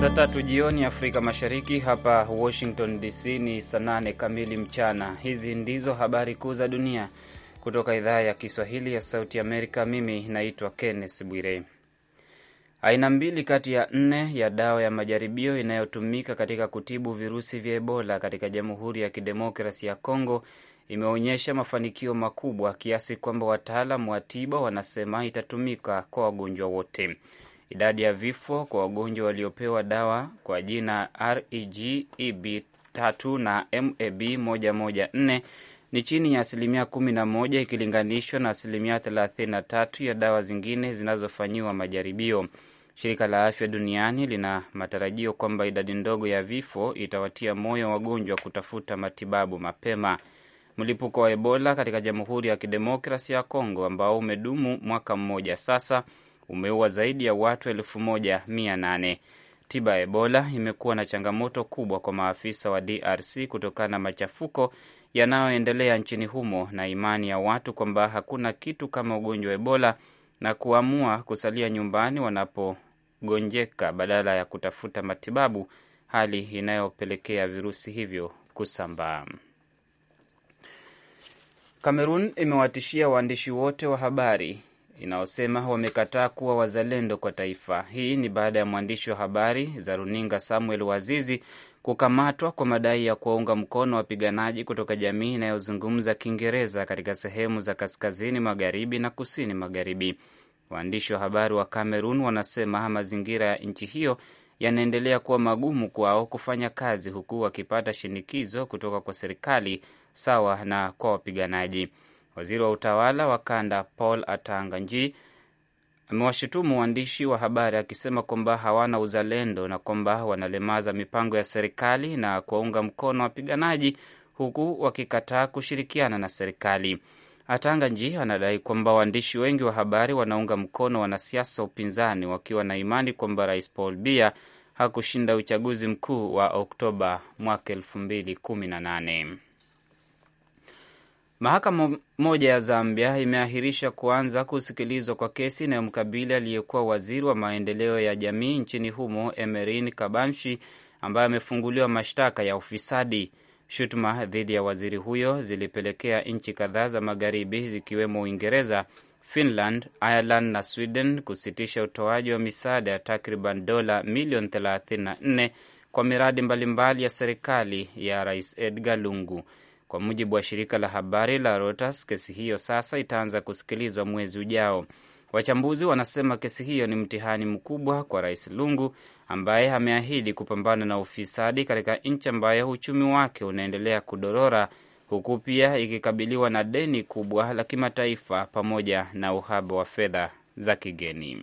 Saa tatu jioni Afrika Mashariki, hapa Washington DC ni saa nane kamili mchana. Hizi ndizo habari kuu za dunia kutoka idhaa ya Kiswahili ya Sauti Amerika. Mimi naitwa Kenneth Bwire. Aina mbili kati ya nne ya dawa ya majaribio inayotumika katika kutibu virusi vya Ebola katika Jamhuri ya Kidemokrasi ya congo imeonyesha mafanikio makubwa kiasi kwamba wataalam wa tiba wanasema itatumika kwa wagonjwa wote. Idadi ya vifo kwa wagonjwa waliopewa dawa kwa jina REG EB3 na MAB e 114 ni chini ya asilimia 11 ikilinganishwa na asilimia 33 ya dawa zingine zinazofanyiwa majaribio. Shirika la Afya Duniani lina matarajio kwamba idadi ndogo ya vifo itawatia moyo wagonjwa kutafuta matibabu mapema. Mlipuko wa Ebola katika Jamhuri ya Kidemokrasi ya Kongo ambao umedumu mwaka mmoja sasa umeua zaidi ya watu elfu moja mia nane. Tiba ya Ebola imekuwa na changamoto kubwa kwa maafisa wa DRC kutokana na machafuko yanayoendelea nchini humo na imani ya watu kwamba hakuna kitu kama ugonjwa wa Ebola na kuamua kusalia nyumbani wanapogonjeka badala ya kutafuta matibabu, hali inayopelekea virusi hivyo kusambaa. Kamerun imewatishia waandishi wote wa habari inayosema wamekataa kuwa wazalendo kwa taifa. Hii ni baada ya mwandishi wa habari za runinga Samuel Wazizi kukamatwa kwa madai ya kuwaunga mkono wapiganaji kutoka jamii inayozungumza Kiingereza katika sehemu za kaskazini magharibi na kusini magharibi. Waandishi wa habari wa Kamerun wanasema mazingira ya nchi hiyo yanaendelea kuwa magumu kwao kufanya kazi, huku wakipata shinikizo kutoka kwa serikali sawa na kwa wapiganaji. Waziri wa utawala wa kanda Paul Atanga Nji amewashutumu waandishi wa habari akisema kwamba hawana uzalendo na kwamba wanalemaza mipango ya serikali na kuwaunga mkono wapiganaji huku wakikataa kushirikiana na serikali. Atanga Nji anadai kwamba waandishi wengi wa habari wanaunga mkono wanasiasa upinzani wakiwa na imani kwamba Rais Paul Bia hakushinda uchaguzi mkuu wa Oktoba mwaka elfu mbili kumi na nane. Mahakama moja ya Zambia imeahirisha kuanza kusikilizwa kwa kesi inayomkabili aliyekuwa waziri wa maendeleo ya jamii nchini humo Emerin Kabanshi ambaye amefunguliwa mashtaka ya ufisadi. Shutuma dhidi ya waziri huyo zilipelekea nchi kadhaa za magharibi zikiwemo Uingereza, Finland, Ireland na Sweden kusitisha utoaji wa misaada ya takriban dola milioni 34 kwa miradi mbalimbali ya serikali ya Rais Edgar Lungu. Kwa mujibu wa shirika la habari la Reuters, kesi hiyo sasa itaanza kusikilizwa mwezi ujao. Wachambuzi wanasema kesi hiyo ni mtihani mkubwa kwa Rais Lungu ambaye ameahidi kupambana na ufisadi katika nchi ambayo uchumi wake unaendelea kudorora huku pia ikikabiliwa na deni kubwa la kimataifa pamoja na uhaba wa fedha za kigeni.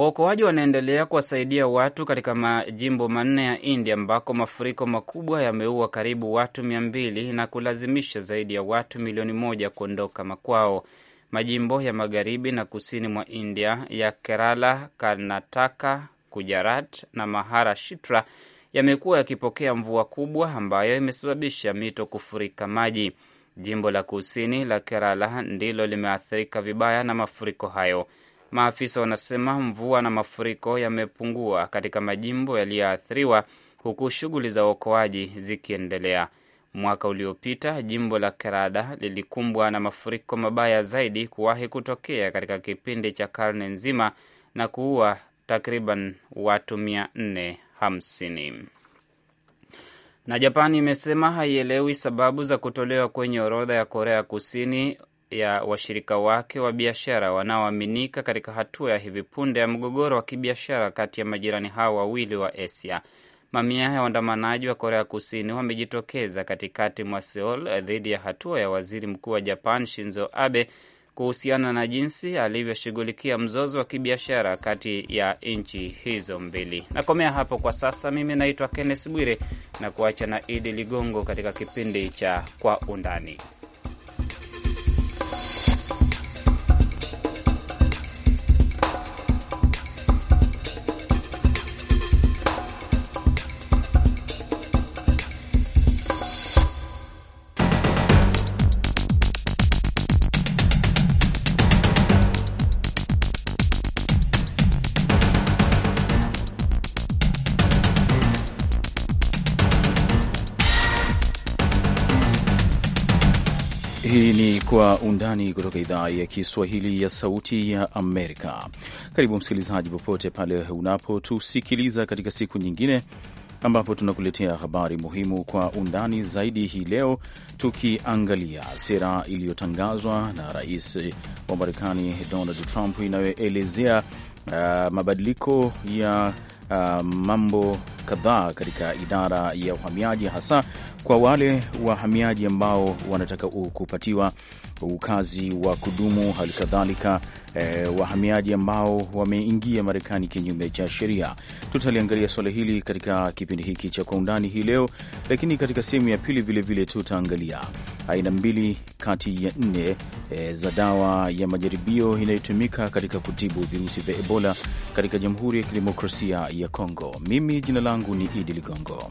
Waokoaji wanaendelea kuwasaidia watu katika majimbo manne ya India ambako mafuriko makubwa yameua karibu watu mia mbili na kulazimisha zaidi ya watu milioni moja kuondoka makwao. Majimbo ya magharibi na kusini mwa India ya Kerala, Karnataka, Gujarat na Maharashtra yamekuwa yakipokea mvua kubwa ambayo imesababisha mito kufurika maji. Jimbo la kusini la Kerala ndilo limeathirika vibaya na mafuriko hayo. Maafisa wanasema mvua na mafuriko yamepungua katika majimbo yaliyoathiriwa huku shughuli za uokoaji zikiendelea. Mwaka uliopita jimbo la Kerala lilikumbwa na mafuriko mabaya zaidi kuwahi kutokea katika kipindi cha karne nzima na kuua takriban watu 450. Na Japani imesema haielewi sababu za kutolewa kwenye orodha ya Korea Kusini ya washirika wake wa biashara wanaoaminika katika hatua ya hivi punde ya mgogoro wa kibiashara kati ya majirani hao wawili wa Asia. Mamia ya waandamanaji wa Korea Kusini wamejitokeza katikati mwa Seoul dhidi ya hatua ya waziri mkuu wa Japan Shinzo Abe kuhusiana na jinsi alivyoshughulikia mzozo wa kibiashara kati ya nchi hizo mbili. Nakomea hapo kwa sasa. Mimi naitwa Kenneth Bwire na kuacha na Idi Ligongo katika kipindi cha Kwa Undani. undani kutoka idhaa ya Kiswahili ya Sauti ya Amerika. Karibu msikilizaji, popote pale unapotusikiliza katika siku nyingine ambapo tunakuletea habari muhimu kwa undani zaidi. Hii leo tukiangalia sera iliyotangazwa na rais wa Marekani Donald Trump inayoelezea uh, mabadiliko ya Uh, mambo kadhaa katika idara ya uhamiaji hasa kwa wale wahamiaji ambao wanataka kupatiwa ukazi wa kudumu, hali kadhalika eh, wahamiaji ambao wameingia Marekani kinyume cha sheria. Tutaliangalia suala hili katika kipindi hiki cha Kwa Undani hii leo, lakini katika sehemu ya pili vilevile tutaangalia aina mbili kati ya nne e, za dawa ya majaribio inayotumika katika kutibu virusi vya Ebola katika Jamhuri ya Kidemokrasia ya Kongo. Mimi jina langu ni Idi Ligongo.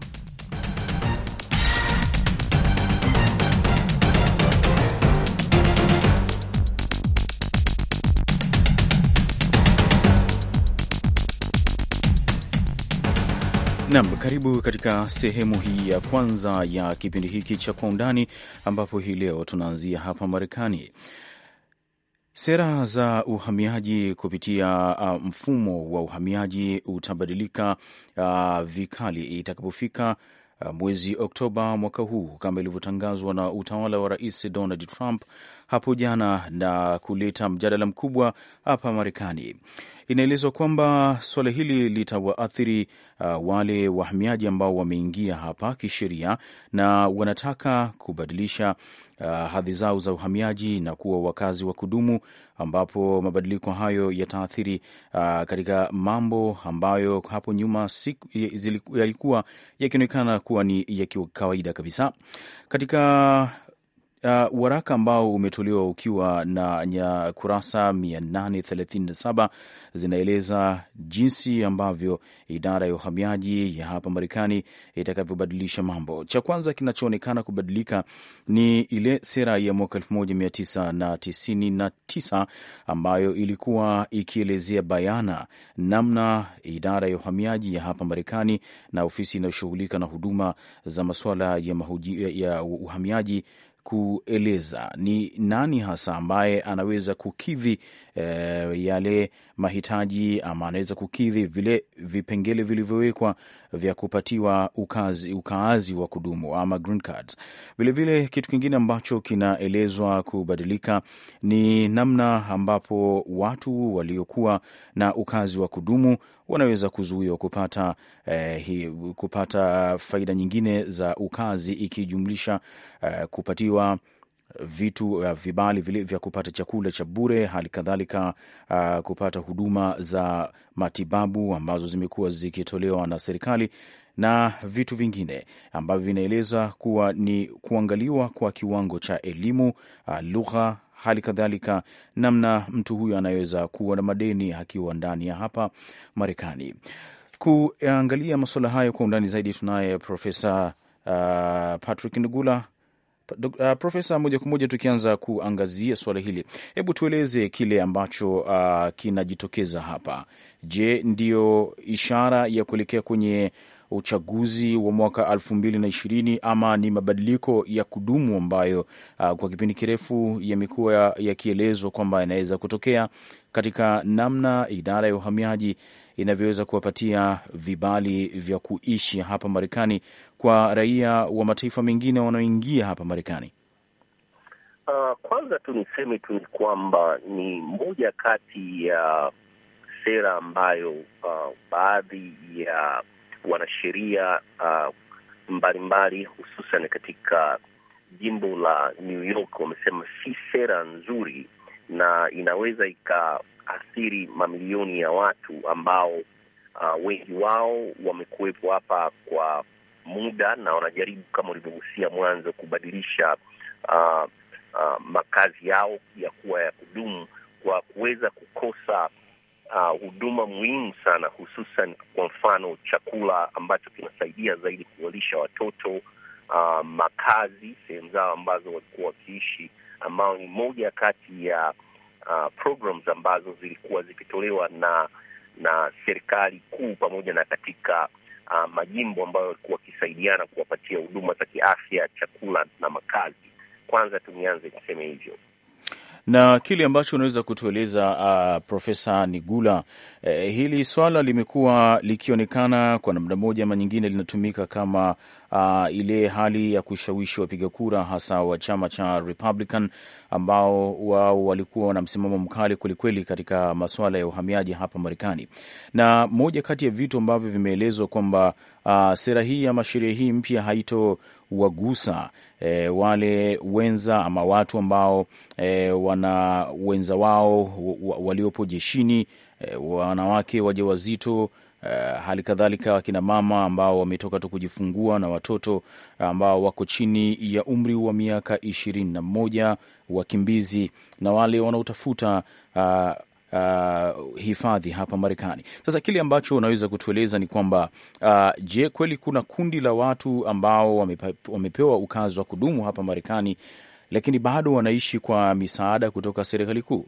Nam, karibu katika sehemu hii ya kwanza ya kipindi hiki cha Kwa Undani, ambapo hii leo tunaanzia hapa Marekani. Sera za uhamiaji kupitia uh, mfumo wa uhamiaji utabadilika uh, vikali itakapofika Uh, mwezi Oktoba mwaka huu kama ilivyotangazwa na utawala wa Rais Donald Trump hapo jana na kuleta mjadala mkubwa hapa Marekani. Inaelezwa kwamba suala hili litawaathiri uh, wale wahamiaji ambao wameingia hapa kisheria na wanataka kubadilisha Uh, hadhi zao za uhamiaji na kuwa wakazi wa kudumu, ambapo mabadiliko hayo yataathiri uh, katika mambo ambayo hapo nyuma siku, yalikuwa yakionekana kuwa ni ya kawaida kabisa katika Uh, waraka ambao umetolewa ukiwa na nya kurasa 837 zinaeleza jinsi ambavyo idara ya uhamiaji ya hapa Marekani itakavyobadilisha mambo. Cha kwanza kinachoonekana kubadilika ni ile sera ya mwaka 1999 ambayo ilikuwa ikielezea bayana namna idara ya uhamiaji ya hapa Marekani na ofisi inayoshughulika na huduma za masuala ya, ya uhamiaji kueleza ni nani hasa ambaye anaweza kukidhi e, yale mahitaji ama anaweza kukidhi vile vipengele vilivyowekwa vya kupatiwa ukazi, ukaazi wa kudumu ama green cards. Vilevile kitu kingine ambacho kinaelezwa kubadilika ni namna ambapo watu waliokuwa na ukazi wa kudumu wanaweza kuzuiwa kupata, eh, kupata faida nyingine za ukazi ikijumlisha eh, kupatiwa vitu uh, vibali vile vya kupata chakula cha bure, hali kadhalika uh, kupata huduma za matibabu ambazo zimekuwa zikitolewa na serikali na vitu vingine ambavyo vinaeleza kuwa ni kuangaliwa kwa kiwango cha elimu uh, lugha hali kadhalika namna mtu huyo anaweza kuwa na madeni akiwa ndani ya hapa Marekani. Kuangalia masuala hayo kwa undani zaidi, tunaye Profesa uh, Patrick Ndugula. Uh, Profesa, moja kwa moja tukianza kuangazia suala hili, hebu tueleze kile ambacho uh, kinajitokeza hapa. Je, ndiyo ishara ya kuelekea kwenye uchaguzi wa mwaka elfu mbili na ishirini ama ni mabadiliko ya kudumu ambayo uh, kwa kipindi kirefu yamekuwa yakielezwa kwamba yanaweza kutokea katika namna idara ya uhamiaji inavyoweza kuwapatia vibali vya kuishi hapa Marekani kwa raia wa mataifa mengine wanaoingia hapa Marekani? Uh, kwanza tu niseme tu ni kwamba ni moja kati ya uh, sera ambayo uh, baadhi ya wanasheria uh, mbalimbali hususan katika jimbo la New York wamesema si sera nzuri na inaweza ikaathiri mamilioni ya watu ambao uh, wengi wao wamekuwepo hapa kwa muda na wanajaribu kama ulivyohusia mwanzo kubadilisha uh, uh, makazi yao ya kuwa ya kudumu kwa kuweza kukosa uh, huduma muhimu sana, hususan kwa mfano chakula ambacho kinasaidia zaidi kuwalisha watoto uh, makazi, sehemu zao ambazo walikuwa wakiishi, ambao ni moja kati ya uh, programs ambazo zilikuwa zikitolewa na na serikali kuu pamoja na katika uh, majimbo ambayo walikuwa wakisaidiana kuwapatia huduma za kiafya, chakula na makazi. Kwanza tumianze kuseme hivyo na kile ambacho unaweza kutueleza uh, Profesa Nigula, eh, hili swala limekuwa likionekana kwa namna moja ama nyingine linatumika kama uh, ile hali ya kushawishi wapiga kura hasa wa chama cha Republican ambao wao walikuwa na msimamo mkali kwelikweli katika masuala ya uhamiaji hapa Marekani, na moja kati ya vitu ambavyo vimeelezwa kwamba uh, sera hii ama sheria hii mpya haitowagusa e, wale wenza ama watu ambao e, wana wenza wao waliopo jeshini e, wanawake wajawazito Uh, hali kadhalika akina mama ambao wametoka tu kujifungua na watoto ambao wako chini ya umri wa miaka ishirini na moja, wakimbizi na wale wanaotafuta uh, uh, hifadhi hapa Marekani. Sasa kile ambacho unaweza kutueleza ni kwamba uh, je, kweli kuna kundi la watu ambao wamepewa ukazi wa kudumu hapa Marekani lakini bado wanaishi kwa misaada kutoka serikali kuu?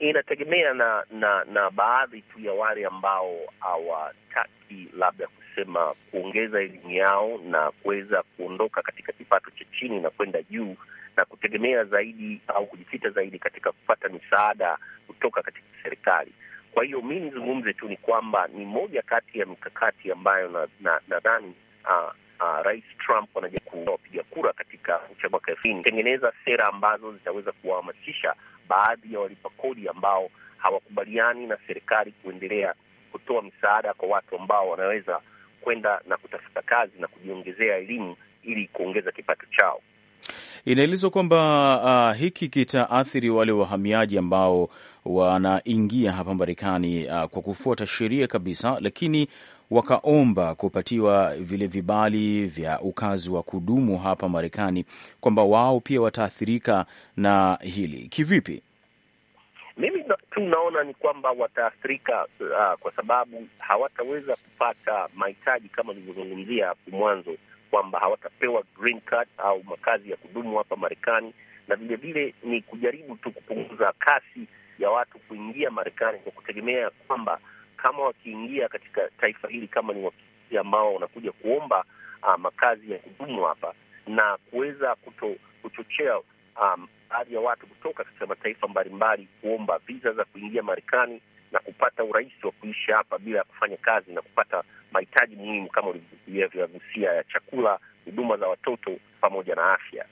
Inategemea na na na baadhi tu ya wale ambao hawataki labda kusema kuongeza elimu yao na kuweza kuondoka katika kipato cha chini na kwenda juu na kutegemea zaidi au kujikita zaidi katika kupata misaada kutoka katika serikali. Kwa hiyo mi nizungumze tu ni kwamba ni moja kati ya mikakati ambayo nadhani na, na, Uh, Rais Trump anajaribu kuwapiga kura katika ucha mwaka elfu mbili kutengeneza sera ambazo zitaweza kuwahamasisha baadhi ya walipa kodi ambao hawakubaliani na serikali kuendelea kutoa misaada kwa watu ambao wanaweza kwenda na kutafuta kazi na kujiongezea elimu ili kuongeza kipato chao. Inaelezwa kwamba uh, hiki kitaathiri wale wahamiaji ambao wanaingia hapa Marekani uh, kwa kufuata sheria kabisa, lakini wakaomba kupatiwa vile vibali vya ukazi wa kudumu hapa Marekani, kwamba wao pia wataathirika na hili. Kivipi? Mimi tu naona ni kwamba wataathirika uh, kwa sababu hawataweza kupata mahitaji kama nilivyozungumzia hapo mwanzo kwamba hawatapewa green card au makazi ya kudumu hapa Marekani, na vilevile ni kujaribu tu kupunguza kasi ya watu kuingia Marekani kwa kutegemea ya kwamba kama wakiingia katika taifa hili kama ni wakii ambao wanakuja kuomba uh, makazi ya kudumu hapa na kuweza kuchochea ah, baadhi um, ya watu kutoka katika mataifa mbalimbali kuomba viza za kuingia Marekani na kupata urahisi wa kuishi hapa bila ya kufanya kazi na kupata mahitaji muhimu kama ulivyogusia ya chakula huduma za watoto pamoja na afya.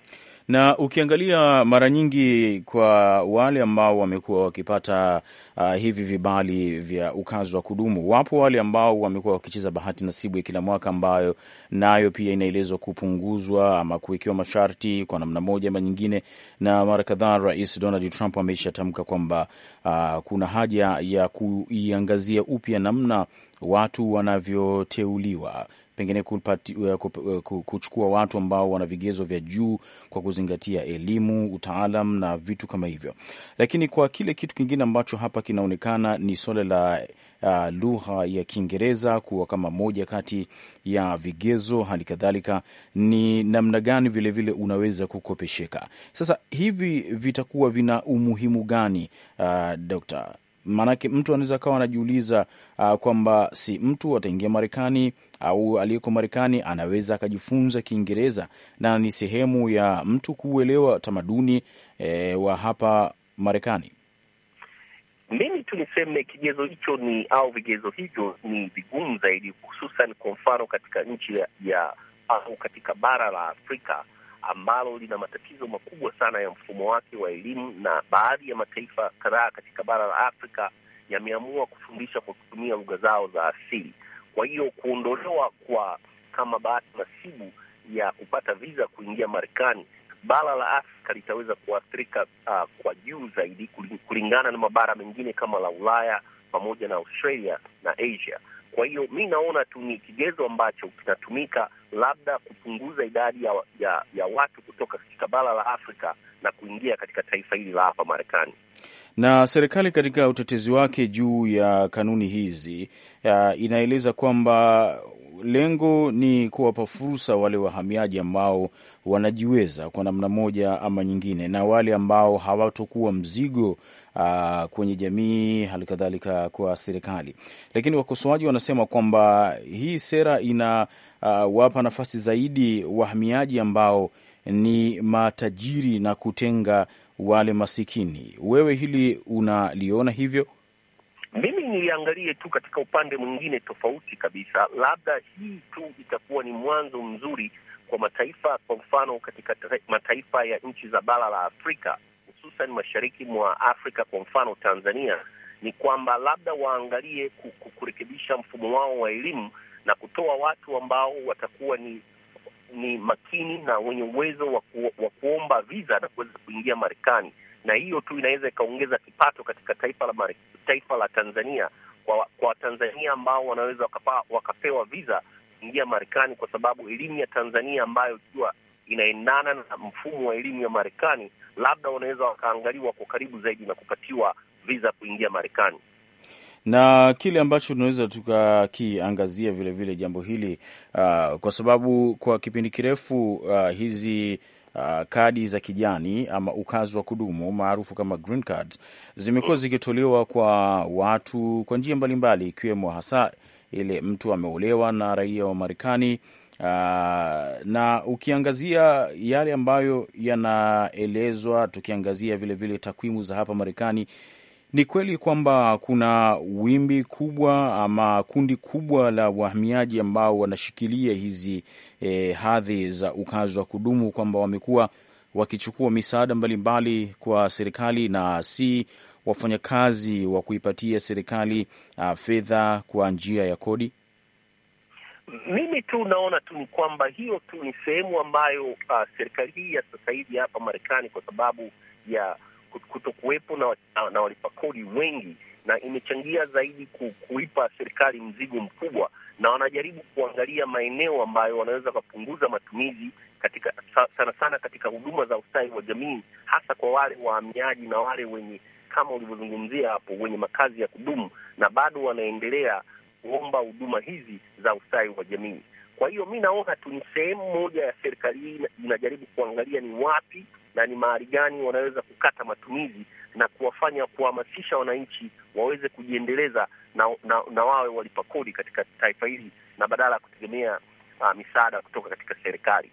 Na ukiangalia mara nyingi kwa wale ambao wamekuwa wakipata uh, hivi vibali vya ukazi wa kudumu, wapo wale ambao wamekuwa wakicheza bahati nasibu ya kila mwaka, ambayo nayo pia inaelezwa kupunguzwa ama kuwekewa masharti kwa namna moja ama nyingine. Na mara kadhaa Rais Donald Trump ameshatamka kwamba uh, kuna haja ya kuiangazia upya namna watu wanavyoteuliwa pengine kupati, eh, eh, kuchukua watu ambao wana vigezo vya juu kwa kuzingatia elimu, utaalam na vitu kama hivyo. Lakini kwa kile kitu kingine ambacho hapa kinaonekana ni swala la uh, lugha ya Kiingereza kuwa kama moja kati ya vigezo, hali kadhalika ni namna gani vilevile unaweza kukopesheka. Sasa hivi vitakuwa vina umuhimu gani, uh, Dokta? Maanake mtu anaweza kawa anajiuliza uh, kwamba si mtu ataingia Marekani au aliyeko Marekani anaweza akajifunza Kiingereza na ni sehemu ya mtu kuuelewa tamaduni eh, wa hapa Marekani. Mimi tu niseme kigezo hicho ni au vigezo hivyo ni vigumu zaidi, hususan kwa mfano katika nchi ya, ya au katika bara la Afrika ambalo lina matatizo makubwa sana ya mfumo wake wa elimu, na baadhi ya mataifa kadhaa katika bara la Afrika yameamua kufundisha kwa kutumia lugha zao za asili. Kwa hiyo kuondolewa kwa kama bahati nasibu ya kupata viza kuingia Marekani, bara la Afrika litaweza kuathirika uh, kwa juu zaidi kulingana na mabara mengine kama la Ulaya pamoja na Australia na Asia. Kwa hiyo mi naona tu ni kigezo ambacho kinatumika labda kupunguza idadi ya, ya, ya watu kutoka katika bara la Afrika na kuingia katika taifa hili la hapa Marekani. Na serikali katika utetezi wake juu ya kanuni hizi ya, uh, inaeleza kwamba lengo ni kuwapa fursa wale wahamiaji ambao wanajiweza kwa namna moja ama nyingine, na wale ambao hawatokuwa mzigo uh, kwenye jamii, halikadhalika kwa serikali. Lakini wakosoaji wanasema kwamba hii sera inawapa ah, uh, nafasi zaidi wahamiaji ambao ni matajiri na kutenga wale masikini. Wewe hili unaliona hivyo? tuiangalie tu katika upande mwingine tofauti kabisa. Labda hii tu itakuwa ni mwanzo mzuri kwa mataifa, kwa mfano katika mataifa ya nchi za bara la Afrika, hususan mashariki mwa Afrika, kwa mfano Tanzania, ni kwamba labda waangalie kurekebisha mfumo wao wa elimu na kutoa watu ambao watakuwa ni ni makini na wenye uwezo wa waku, kuomba visa na kuweza kuingia Marekani na hiyo tu inaweza ikaongeza kipato katika taifa la Marekani, taifa la Tanzania kwa, kwa Tanzania ambao wanaweza wakapa, wakapewa viza kuingia Marekani kwa sababu elimu ya Tanzania ambayo ikiwa inaendana na mfumo wa elimu ya Marekani, labda wanaweza wakaangaliwa kwa karibu zaidi na kupatiwa viza kuingia Marekani na kile ambacho tunaweza tukakiangazia vilevile jambo hili uh, kwa sababu kwa kipindi kirefu uh, hizi uh, kadi za kijani ama ukazi wa kudumu maarufu kama green card zimekuwa zikitolewa kwa watu kwa njia mbalimbali, ikiwemo hasa ile mtu ameolewa na raia wa Marekani. Uh, na ukiangazia yale ambayo yanaelezwa, tukiangazia vilevile takwimu za hapa Marekani ni kweli kwamba kuna wimbi kubwa ama kundi kubwa la wahamiaji ambao wanashikilia hizi e, hadhi za ukazi wa kudumu kwamba wamekuwa wakichukua misaada mbalimbali kwa serikali na si wafanyakazi wa kuipatia serikali uh, fedha kwa njia ya kodi. Mimi tu naona tu ni kwamba hiyo tu ni sehemu ambayo uh, serikali hii ya sasa hivi hapa Marekani kwa sababu ya kutokuwepo na, na, na walipa kodi wengi, na imechangia zaidi kuipa serikali mzigo mkubwa, na wanajaribu kuangalia maeneo ambayo wanaweza wakapunguza matumizi katika sana sana katika huduma za ustawi wa jamii, hasa kwa wale wahamiaji na wale wenye kama ulivyozungumzia hapo wenye makazi ya kudumu, na bado wanaendelea kuomba huduma hizi za ustawi wa jamii. Kwa hiyo mi naona tu ni sehemu moja ya serikali hii inajaribu kuangalia ni wapi na ni mahali gani wanaweza kukata matumizi na kuwafanya kuhamasisha wananchi waweze kujiendeleza na, na, na wawe walipa kodi katika taifa hili na badala ya kutegemea uh, misaada kutoka katika serikali.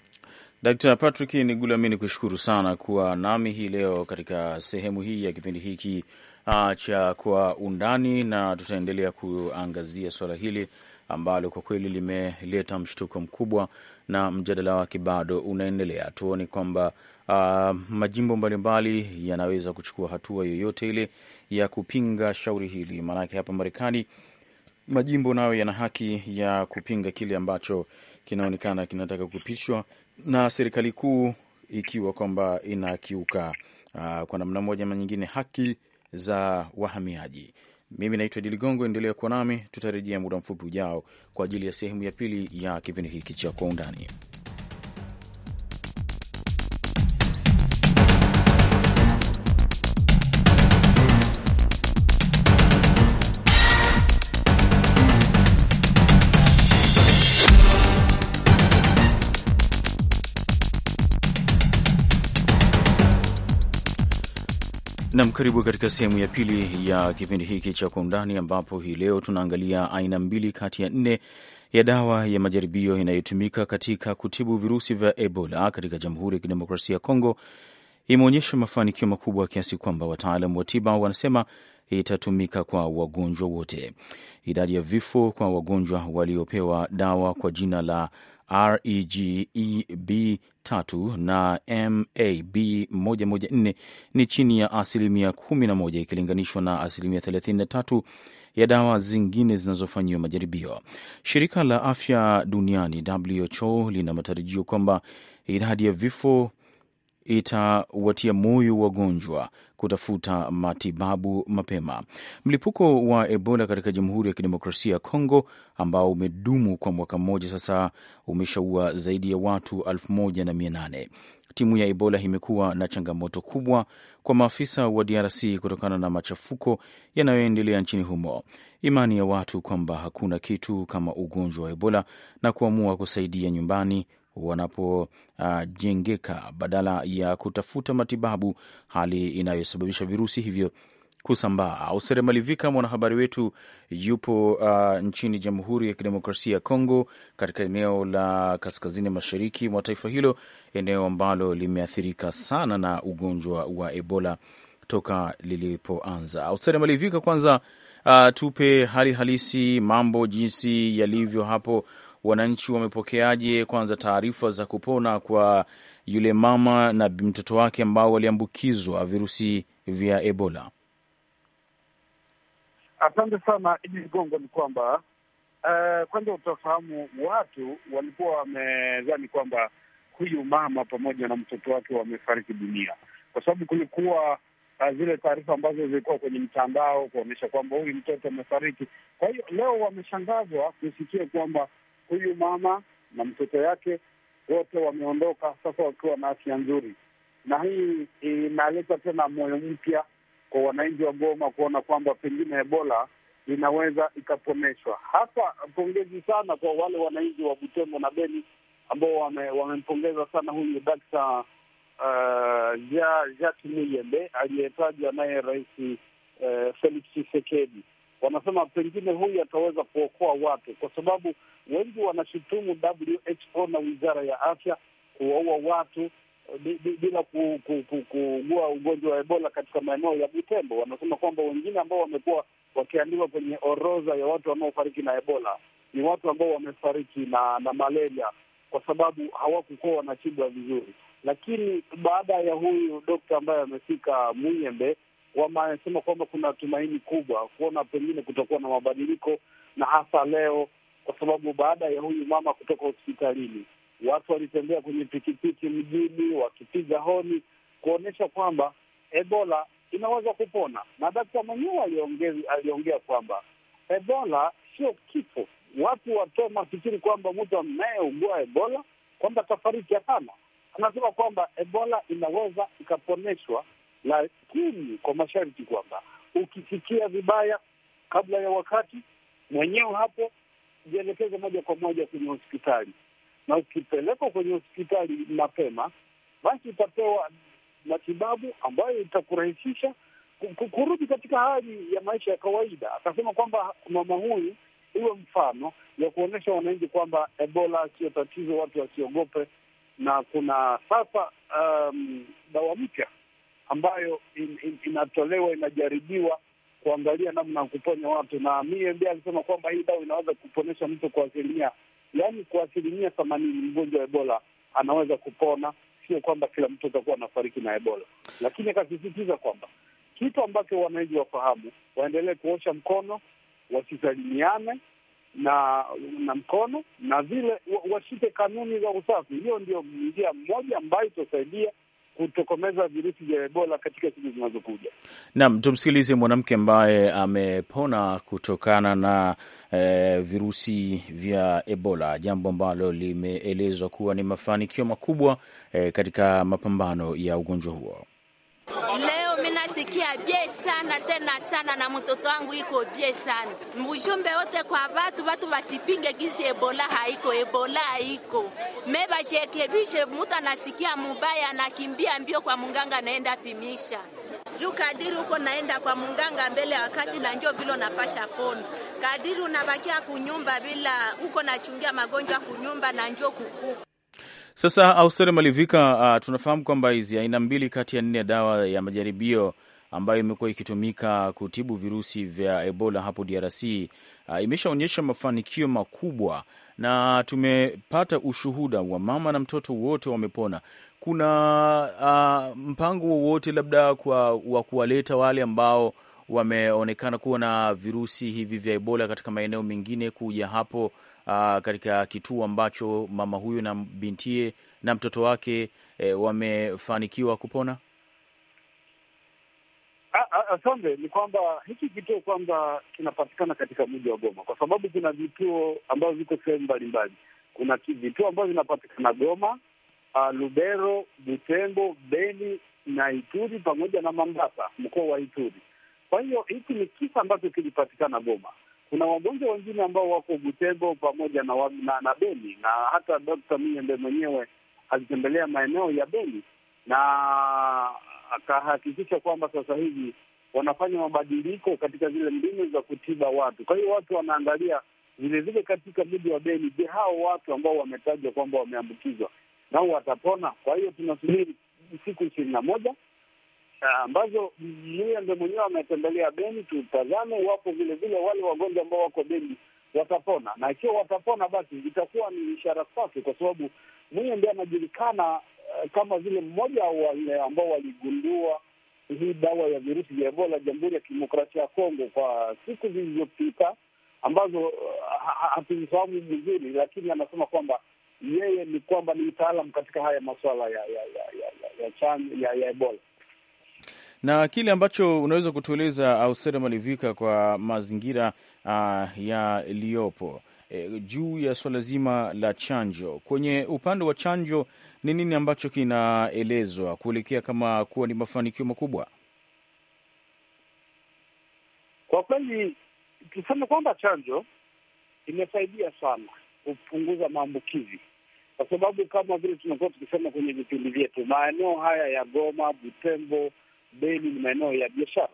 Dr. Patrick Nigula, mi ni kushukuru sana kuwa nami hii leo katika sehemu hii ya kipindi hiki uh, cha Kwa Undani, na tutaendelea kuangazia suala hili ambalo kwa kweli limeleta mshtuko mkubwa na mjadala wake bado unaendelea. Tuone kwamba uh, majimbo mbalimbali yanaweza kuchukua hatua yoyote ile ya kupinga shauri hili, maanake hapa Marekani majimbo nayo yana haki ya kupinga kile ambacho kinaonekana kinataka kupitishwa na serikali kuu, ikiwa kwamba inakiuka uh, kwa namna moja ama nyingine haki za wahamiaji. Mimi naitwa Idi Ligongo, endelea kuwa nami, tutarejea muda mfupi ujao kwa ajili ya sehemu ya pili ya kipindi hiki cha Kwa Undani. Nam, karibu katika sehemu ya pili ya kipindi hiki cha Kwa Undani, ambapo hii leo tunaangalia aina mbili kati ya nne ya dawa ya majaribio inayotumika katika kutibu virusi vya Ebola katika Jamhuri ya Kidemokrasia ya Kongo imeonyesha mafanikio makubwa kiasi kwamba wataalam wa tiba wanasema itatumika kwa wagonjwa wote. Idadi ya vifo kwa wagonjwa waliopewa dawa kwa jina la REGEB tatu na MAB 114 ni chini ya asilimia 11 ikilinganishwa na asilimia 33 ya dawa zingine zinazofanyiwa majaribio. Shirika la Afya Duniani WHO lina matarajio kwamba idadi ya vifo itawatia moyo wagonjwa kutafuta matibabu mapema. Mlipuko wa Ebola katika Jamhuri ya Kidemokrasia ya Kongo ambao umedumu kwa mwaka mmoja sasa umeshaua zaidi ya watu elfu moja na mia nane. Timu ya Ebola imekuwa na changamoto kubwa kwa maafisa wa DRC kutokana na machafuko yanayoendelea nchini humo, imani ya watu kwamba hakuna kitu kama ugonjwa wa Ebola na kuamua kusaidia nyumbani wanapojengeka ah, uh, badala ya kutafuta matibabu, hali inayosababisha virusi hivyo kusambaa. Ausere Malivika, mwanahabari wetu, yupo uh, nchini Jamhuri ya Kidemokrasia ya Kongo, katika eneo la kaskazini mashariki mwa taifa hilo, eneo ambalo limeathirika sana na ugonjwa wa Ebola toka lilipoanza. Ausere Malivika, kwanza uh, tupe hali halisi mambo jinsi yalivyo hapo wananchi wamepokeaje kwanza taarifa za kupona kwa yule mama na mtoto wake ambao waliambukizwa virusi vya Ebola? Asante sana Idi Ligongo. Ni kwamba uh, kwanza utafahamu watu walikuwa wamedhani kwamba huyu mama pamoja na mtoto wake wamefariki dunia, kwa sababu kulikuwa uh, zile taarifa ambazo zilikuwa kwenye mtandao kuonyesha kwamba huyu mtoto amefariki. Kwa hiyo leo wameshangazwa kusikia kwamba huyu mama na mtoto yake wote wameondoka sasa wakiwa na afya nzuri, na hii inaleta tena moyo mpya kwa wananchi wa Goma kuona kwamba pengine Ebola inaweza ikaponeshwa. hasa pongezi sana kwa wale wananchi wa Butembo na Beni ambao wamempongeza wame sana huyu Dakta uh, Jacques Muyembe aliyetajwa naye Rais uh, Felix Chisekedi wanasema pengine huyu ataweza kuokoa watu, kwa sababu wengi wanashutumu WHO na wizara ya afya kuwaua watu uh, bila kuugua ugonjwa wa Ebola katika maeneo ya Butembo. Wanasema kwamba wengine ambao wamekuwa wakiandikwa kwenye orodha ya watu wanaofariki na Ebola ni watu ambao wamefariki na na malaria kwa sababu hawakukuwa wanachibwa vizuri. Lakini baada ya huyu dokta ambaye amefika Muyembe wamesema kwamba kuna tumaini kubwa kuona pengine kutakuwa na mabadiliko, na hasa leo, kwa sababu baada ya huyu mama kutoka hospitalini, watu walitembea kwenye pikipiki mjini wakipiga honi kuonyesha kwamba Ebola inaweza kupona, na daktari mwenyewe aliongea kwamba Ebola sio kifo. Watu watoe mafikiri kwamba mtu anayeugua Ebola kwamba atafariki. Hapana, anasema kwamba Ebola inaweza ikaponeshwa lakini kwa masharti kwamba ukisikia vibaya kabla ya wakati mwenyewe hapo jielekeze moja kwa moja kwenye hospitali, na ukipelekwa kwenye hospitali mapema, basi utapewa matibabu ambayo itakurahisisha kurudi katika hali ya maisha ya kawaida. Akasema kwamba mama huyu iwe mfano ya kuonyesha wananchi kwamba Ebola sio tatizo, watu wasiogope, na kuna sasa um, dawa mpya ambayo in, in, inatolewa inajaribiwa kuangalia namna ya kuponya watu, na MMD alisema kwamba hii dawa inaweza kuponesha mtu kwa asilimia, yaani kwa asilimia themanini mgonjwa wa Ebola anaweza kupona, sio kwamba kila mtu atakuwa anafariki na Ebola. Lakini akasisitiza kwamba kitu ambacho wananchi wafahamu, waendelee kuosha mkono, wasisalimiane na na mkono na vile washike kanuni za usafi. Hiyo ndio njia moja ambayo itasaidia kutokomeza virusi vya Ebola katika siku zinazokuja. Naam, tumsikilize mwanamke ambaye amepona kutokana na e, virusi vya Ebola, jambo ambalo limeelezwa kuwa ni mafanikio makubwa e, katika mapambano ya ugonjwa huo nasikia bie sana tena sana, na mtoto wangu iko bie sana. Mujumbe wote kwa watu, watu wasipinge gisi ebola haiko, ebola haiko me vashekebishe. Mutu anasikia mubaya anakimbia mbio kwa munganga, naenda pimisha juu kadiri huko naenda kwa munganga mbele ya wakati, na njo vile napasha fono kadiri unabakia kunyumba bila huko nachungia magonjwa kunyumba na njo kukufa sasa Austere Malivika, uh, tunafahamu kwamba hizi aina mbili kati ya nne ya dawa ya majaribio ambayo imekuwa ikitumika kutibu virusi vya Ebola hapo DRC uh, imeshaonyesha mafanikio makubwa na tumepata ushuhuda wa mama na mtoto wote wamepona. Kuna uh, mpango wowote labda kwa, wa kuwaleta wale ambao wameonekana kuwa na virusi hivi vya Ebola katika maeneo mengine kuja hapo uh, katika kituo ambacho mama huyu na bintie na mtoto wake eh, wamefanikiwa kupona? Ah, ah, asante. Ni kwamba hiki kituo kwamba kinapatikana katika mji wa Goma, kwa sababu kuna vituo ambavyo viko sehemu mbalimbali. Kuna vituo ambavyo vinapatikana Goma, Lubero, Butembo, Beni na Ituri pamoja na Mambasa, mkoa wa Ituri. Kwa hiyo hiki ni kisa ambacho kilipatikana Goma, kuna wagonjwa wengine ambao wako butembo pamoja na, na, na Beni na hata Dokta miyembe mwenyewe alitembelea maeneo ya Beni na akahakikisha kwamba sasa hivi wanafanya mabadiliko katika zile mbinu za kutiba watu. Kwa hiyo watu wanaangalia vilevile katika mji wa Beni, je, hao watu ambao wametajwa kwamba wameambukizwa nao watapona? Kwa hiyo tunasubiri siku ishirini na moja Ah, ambazo Muyembe mwenyewe ametembelea Beni. Tutazame vile vilevile wale wagonjwa ambao wako Beni watapona, na ikiwa watapona, basi itakuwa ni ishara safi, kwa sababu ndi anajulikana uh, kama vile mmoja wale ambao waligundua hii dawa ya virusi vya Ebola Jamhuri ya Kidemokrasia ya Kongo kwa siku zilizopita ambazo eh, hatuzifahamu vizuri, lakini anasema kwamba yeye ni kwamba ni mtaalam katika haya masuala ya ya ya ya, ya, ya, ya, ya Ebola na kile ambacho unaweza kutueleza ausere Malivika kwa mazingira uh, ah, yaliyopo e, eh, juu ya swala zima la chanjo. Kwenye upande wa chanjo, ni nini ambacho kinaelezwa kuelekea kama kuwa ni mafanikio makubwa? Kwa kweli tuseme kwamba chanjo imesaidia sana kupunguza maambukizi kwa sababu kama vile tumekuwa tukisema kwenye vipindi vyetu, maeneo haya ya Goma, Butembo Beni ni maeneo ya biashara,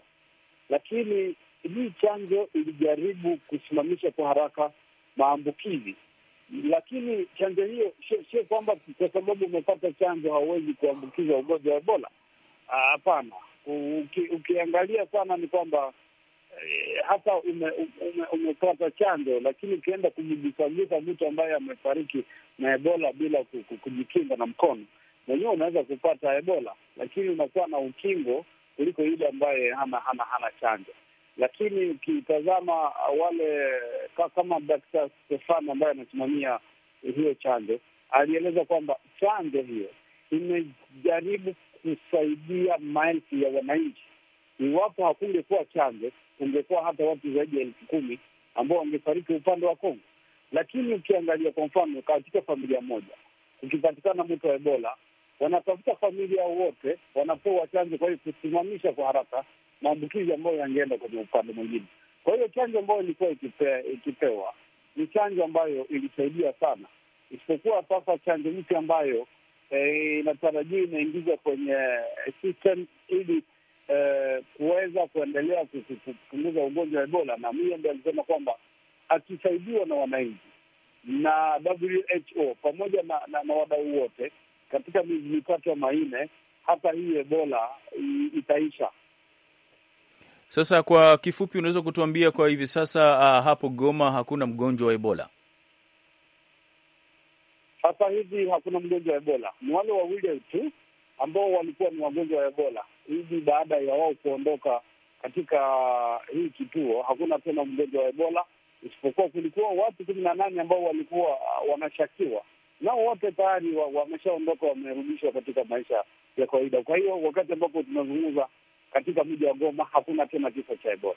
lakini hii chanjo ilijaribu kusimamisha kwa haraka maambukizi. Lakini chanjo hiyo sio kwamba kwa sababu umepata chanjo hauwezi kuambukiza ugonjwa wa Ebola. Ah, hapana. Uki, ukiangalia sana ni kwamba eh, hata umepata ume, chanjo, lakini ukienda kujigusagusa mtu ambaye amefariki na Ebola bila kujikinga na mkono, mwenyewe unaweza kupata Ebola, lakini unakuwa na ukingo kuliko yule ambaye hana hana hana chanjo. Lakini ukitazama uh, wale kama dakta Stefan ambaye anasimamia hiyo chanjo alieleza kwamba chanjo hiyo imejaribu kusaidia maelfu ya wananchi. Iwapo hakungekuwa chanjo, kungekuwa hata watu zaidi ya elfu kumi ambao wangefariki upande wa Kongo. Lakini ukiangalia kwa mfano, katika familia moja kukipatikana mtu wa Ebola wanatafuta familia wote, wanapewa chanjo, kwa hiyo kusimamisha kwa haraka maambukizi ambayo yangeenda kwenye upande mwingine. Kwa hiyo chanjo ambayo ilikuwa ikipe, ikipewa ni chanjo ambayo ilisaidia sana, isipokuwa sasa chanjo mpya ambayo eh, inatarajia e, inaingizwa kwenye eh, system ili e, kuweza kuendelea kupunguza ugonjwa wa Ebola, na mimi ndiye alisema kwamba akisaidiwa na wananchi na WHO pamoja na, na, na wadau wote katika miezi mitatu ama nne, hata hii Ebola itaisha. Sasa kwa kifupi, unaweza kutuambia kwa hivi sasa uh, hapo Goma hakuna mgonjwa wa Ebola? Sasa hivi hakuna mgonjwa wa Ebola, ni wale wawili tu ambao walikuwa ni wagonjwa wa Ebola. Hivi baada ya wao kuondoka katika ah, hii kituo, hakuna tena mgonjwa wa Ebola, isipokuwa kulikuwa watu kumi na nane ambao walikuwa ah, wanashakiwa nao wote tayari wameshaondoka, wamerudishwa katika maisha ya kawaida. Kwa hiyo wakati ambapo tunazungumza katika mji wa Goma hakuna tena kifo cha Ebola.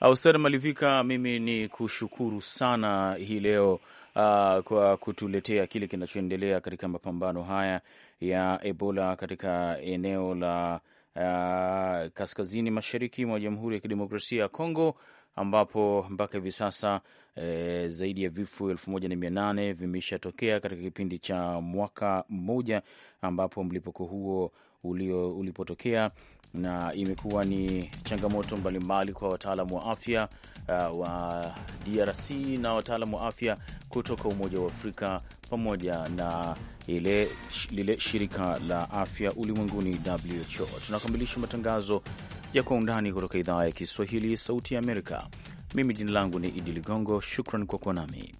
Auster Malivika, mimi ni kushukuru sana hii leo uh, kwa kutuletea kile kinachoendelea katika mapambano haya ya Ebola katika eneo la uh, kaskazini mashariki mwa Jamhuri ya Kidemokrasia ya Kongo ambapo mpaka hivi sasa e, zaidi ya vifo elfu moja na mia nane vimeshatokea katika kipindi cha mwaka mmoja ambapo mlipuko huo ulio ulipotokea na imekuwa ni changamoto mbalimbali kwa wataalamu wa afya uh, wa DRC na wataalamu wa afya kutoka Umoja wa Afrika pamoja na ile, lile shirika la afya ulimwenguni WHO. Tunakamilisha matangazo ya kwa undani kutoka idhaa ya Kiswahili ya Sauti ya Amerika. Mimi jina langu ni Idi Ligongo, shukran kwa kuwa nami.